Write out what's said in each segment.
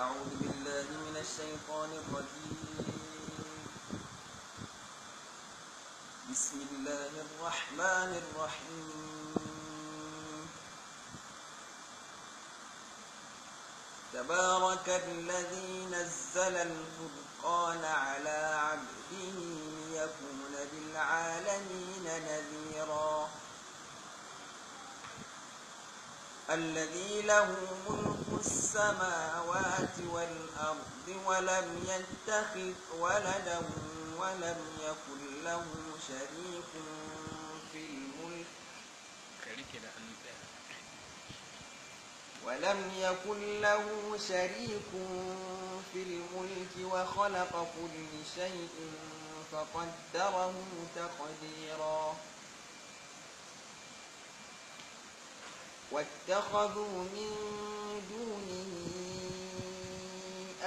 أعوذ بالله من الشيطان الرجيم بسم الله الرحمن الرحيم تبارك الذي نزل الفرقان على عبده ليكون للعالمين نذيرا الذي له ملك السماوات والأرض ولم يتخذ ولدا ولم يكن له شريك في الملك ولم يكن له شريك في الملك وخلق كل شيء فقدره تقديرا واتخذوا من دونه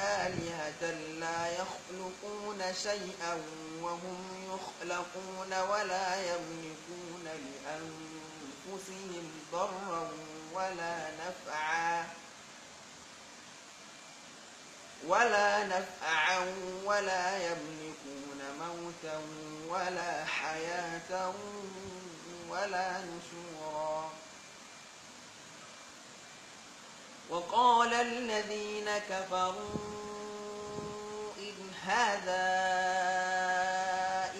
آلهة لا يخلقون شيئا وهم يخلقون ولا يملكون لأنفسهم ضرا ولا نفعا ولا نفعا ولا يملكون موتا ولا حياة ولا نشورا وقال الذين كفروا إن هذا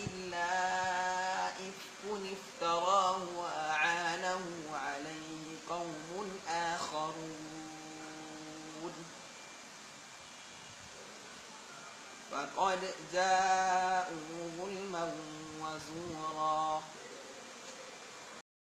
إلا إفك افتراه وأعانه عليه قوم آخرون فقد جاءوا ظلما وزورا